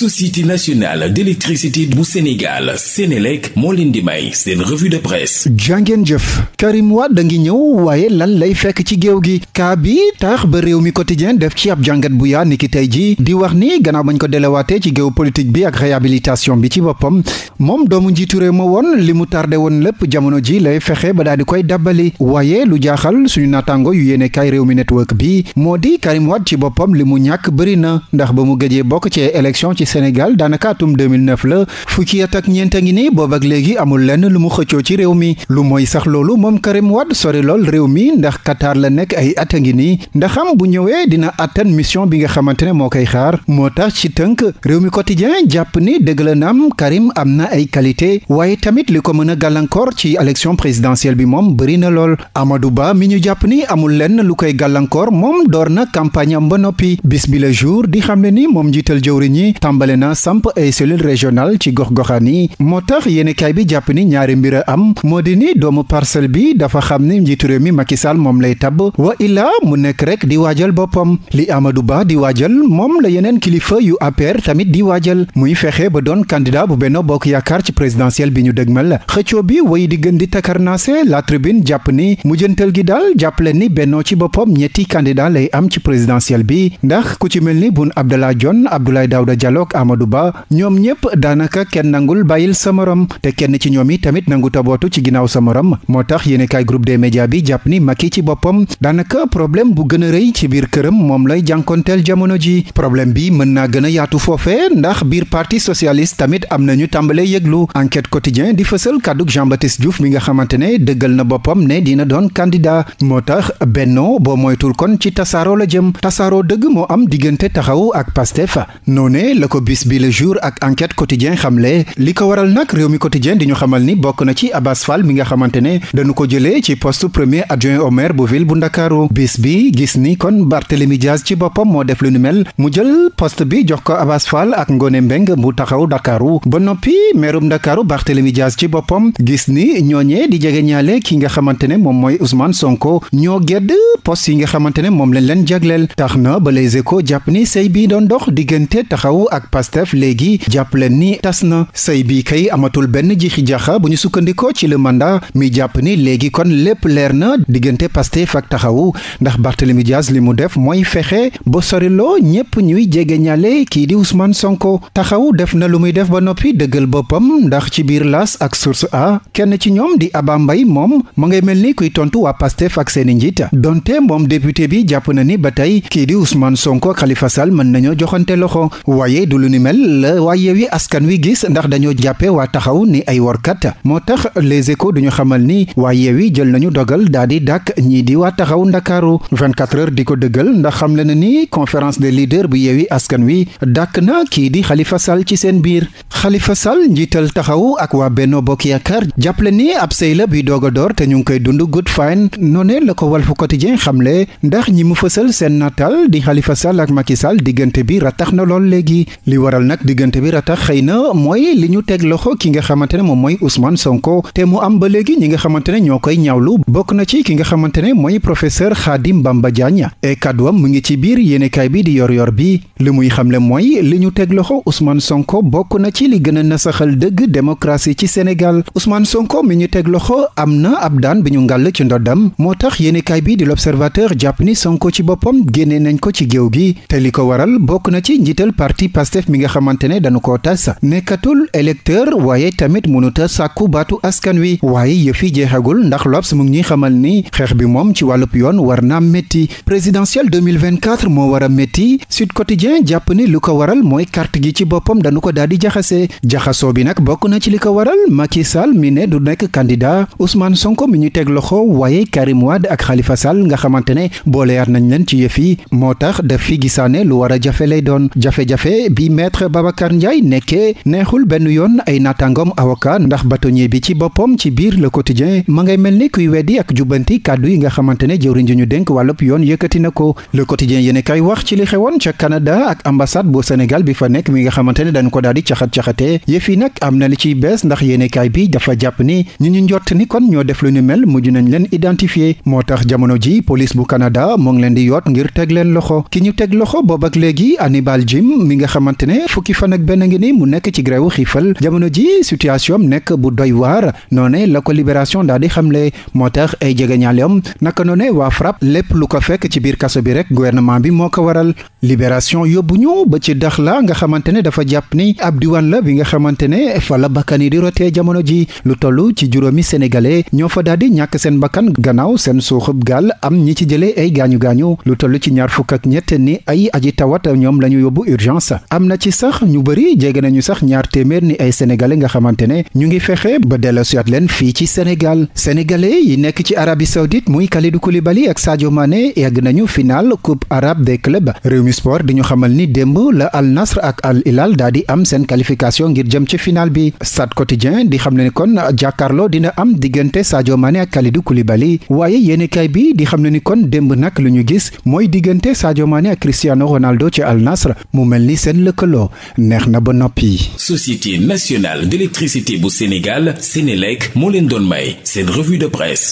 société nationale d'électricité bu Sénégal Sénélec moo leen di may seen de presse jàngeen jëf Karim Wade da ngi ñëw waaye lan lay fekk ci géew gi kaa bi taax ba réew mi quotidien def ci ab jàngat bu yaa niki tey ji di wax ni gannaaw bañ ko delewaatee ci géew politique bi ak réhabilitation bi ci boppam moom doomu njiitu réew ma woon li mu tardé woon lépp jamono ji lay fexe ba daal di koy dabbali waaye lu jaaxal suñu naataango yu yéene kaay réew mi network bi moo di Karim Wade ci boppam li mu ñàkk bëri na ndax ba mu gëjee bokk ci élection Sénégal daanaka atum 2009 la fukki at ak ñeent a ngi nii boob ak léegi amul lenn lu mu xëccoo ci réew mi lu mooy sax loolu moom Karim Wade sori lool réew mi ndax Qatar la nekk ay at a ngi nii ndax am bu ñëwee dina attan mission bi nga xamante ne moo koy xaar moo tax ci tënk réew mi quotidien jàpp ni dëgg la naam Karim am na ay qualité waaye tamit li ko mën a gàllankoor ci élection présidentielle bi moom bari na lool Amadou Ba mi ñu jàpp ni amul lenn lu koy gàllankoor moom door na campagne tàmbale na samp ay cellule régional ci gox-goxaan yi moo tax yéenekaay bi jàpp ni ñaari mbir a am moo di ni doomu parcelle bi dafa xam ni njiitu réew mi Macky Sall moom lay tab wa illaa mu nekk rek di waajal boppam li amadu Ba di waajal moom la yeneen kilifa yu APR tamit di waajal muy fexe ba doon candidat bu Benno Bokk Yaakaar ci présidentielle bi ñu dëgmal xëccoo bi way di gën di takarnaase la tribune jàpp ni mujjantal gi daal jàppale ni Benno ci boppam ñetti candidat lay am ci présidentielle bi ndax ku ci mel ni Boun Abdallah Dionne Abdoulaye Daouda Diallo ak Amadou Ba ñoom ñëpp daanaka kenn nangul bàyyil sa morom te kenn ci ñoom yi tamit nangu tabootu ci ginnaaw sa morom moo tax yéen kaay groupe des médias bi jàpp ni Macky ci boppam daanaka problème bu gën a rëy ci biir këram moom lay jànkonteel jamono ji problème bi mën naa gën a yaatu foofe ndax biir parti socialiste tamit am nañu tàmbale yëglu enquête quotidien di fësal kàdduk Jean-Baptiste Diouf mi nga xamante ne dëggal na boppam ne dina doon candidat moo tax Benno boo moytul kon ci tasaaroo la jëm tasaaroo dëgg moo am diggante taxaw ak ko bis bi le jour ak enquête quotidien xamle li ko waral nag réew mi quotidien di ñu xamal ni bokk na ci Abass mi nga xamante ne ko jëlee ci poste premier adjoint au bu ville bu Ndakaaru bis bi gis ni kon Barthélémy Diaz ci boppam moo def lu nu mel mu jël poste bi jox ko Abass ak Ngone Mbeng bu taxaw Ndakaaru ba noppi meerum Ndakaaru Barthélémy Diaz ci boppam gis ni ñooñee di jege ñaale ki nga xamante ne moom mooy Ousmane Sonko ñoo gedd poste yi nga xamante ne moom lañ leen jagleel tax na ba les échos jàpp ak Pastef léegi jàpp leen ni tas na sëy bii kay amatul benn jixi jaxa bu ñu sukkandikoo ci le manda mi jàpp ni léegi kon lépp leer na diggante Pastef ak taxawu ndax Barthélemy Diaz li mu def mooy fexe ba soriloo ñépp ñuy jege ñaale kii di Ousmane Sonko taxaw def na lu muy def ba noppi dëggal boppam ndax ci biir las ak source a kenn ci ñoom di Aba moom ma ngay mel ni kuy tontu waa Pastef ak seeni njiit donte moom député bi jàpp na ni ba tey kii di Ousmane Sonko Khalifa Sall mën nañoo joxante loxo waaye du lu ni mel la waa Yewwi Wi gis ndax dañoo jàppe waa taxaw ni ay workat moo tax les échos duñu xamal ni waa Yewwi jël nañu dogal daal di dàkk ñii di waa taxaw ndakaaru 24 heures di ko dëggal ndax xam le na ni conférence des leaders bu Yewwi Askan Wi dàkk na kii di Khalifa Sall ci seen biir xalifa Sall njiital taxaw ak waa Benno Bokk Yaakaar jàppale ni ab sëy la bi doog door te ñu ngi koy dund good fine noonee la ko wal Walf Quotidien xamle ndax ñi mu fësal seen nataal di xalifa Sall ak Macky Sall diggante bi ratax na lool léegi li waral nag diggante bi ratax xëy na mooy li ñu teg loxo ki nga xamante ne moom mooy Ousmane Sonko te mu am ba léegi ñi nga xamante ne ñoo koy ñawlu bokk na ci ki nga xamante ne mooy professeur Khadim Bamba Diagne e kàdduwam mu ngi ci biir yéenekaay bi di yor yor bi li muy xamle mooy li ñu teg loxo Ousmane Sonko bokk na ci li gën a nasaxal dëgg démocratie ci Sénégal Ousmane Sonko mi ñu teg loxo am na ab daan bi ñu ngàll ci ndoddam moo tax yéenekaay bi di l'Observateur jàpp ni Sonko ci boppam génnee nañ ko ci géew gi te li ko waral bokk na ci njiital Pastef mi nga xamante ne dañu koo tas nekkatul électeur waaye tamit mënuta sàkku baatu askan wi waaye yëfi jeexagul ndax L'Obs mu ngi xamal ni xeex bi moom ci wàllub yoon war naa métti présidentielle 2024 moo war a métti Sud Quotidien jàpp ni lu ko waral mooy kart gi ci boppam dañu ko daal di jaxase jaxasoo bi nag bokk na ci li ko waral Macky Sall mi ne du nekk candidat Ousmane Sonko mi ñu teg loxo waaye Karim Wade ak xalifa Sall nga xamante ne booleyaat nañ leen ci yëf yi moo tax daf fi gisaane lu war a jafe lay doon jafe bi maître Babacar Ndiaye nekkee neexul benn yoon ay naataangoom avocat ndax bâtonnier bi ci boppam ci biir le quotidien ma ngay mel ni kuy weddi ak jubbanti kàddu yi nga xamante ne jëwriñ ji ñu dénk wàllub yoon yëkkati na ko le quotidien yéen kay wax ci li xewoon ca Canada ak ambassade bu Sénégal bi fa nekk mi nga xamante ne dañu ko daal di caxat caxate yëf yi nag am na li ciy bees ndax yéen bi dafa jàpp ni ñi ñu njott ni kon ñoo def lu ñu mel mujj nañ leen identifier moo tax jamono ji police bu Canada moo ngi leen di yoot ngir teg leen loxo ki ñu teg loxo boob xamante ne fukki fan ak benn ngi ni mu nekk ci gréwu xiifal jamono ji situation am nekk bu doy waar noo ne la ko libération daal di xamle moo tax ay jegeñaaleem naka noone waa FRAPP lépp lu ko fekk ci biir kaso bi rek gouvernement bi moo ko waral libération yóbbu ñu ba ci dax la nga xamante ne dafa jàpp ni ab diwaan la bi nga xamante ne fa la bakkan yi di rotee jamono ji lu toll ci juróomi sénégalais ñoo fa daal di ñàkk seen bakkan gannaaw seen suuxub gaal am ñi ci jëlee ay gaañu gaañu lu toll ci ñaar fukk ak ñett ni ay aji ñoom la yóbbu urgence am na ci sax ñu bëri jege nañu sax ñaar téeméer ni ay sénégalais nga xamante ne ñu ngi fexe ba delloosiwaat leen fii ci Sénégal sénégalais yi nekk ci Arabie Saoudite muy Kalidou Koulibaly ak Sadio Mané yegg nañu final coupe arabe des clubs Rewmi Sport di ñu xamal ni démb la Al Nasr ak Al Hilal daa di am seen qualification ngir jëm ci final bi Stade Quotidien di xam ne ni kon jàkkaarloo dina am diggante Sadio Mané ak Kalidou Koulibaly waaye yéenekaay bi di xam ne ni kon démb nag lu ñu gis mooy diggante Sadio Mané ak Cristiano Al lëkkaloo neex na ba noppi. Société nationale d'électricité bu Sénégal Sénélec moo leen doon may seen revue de presse.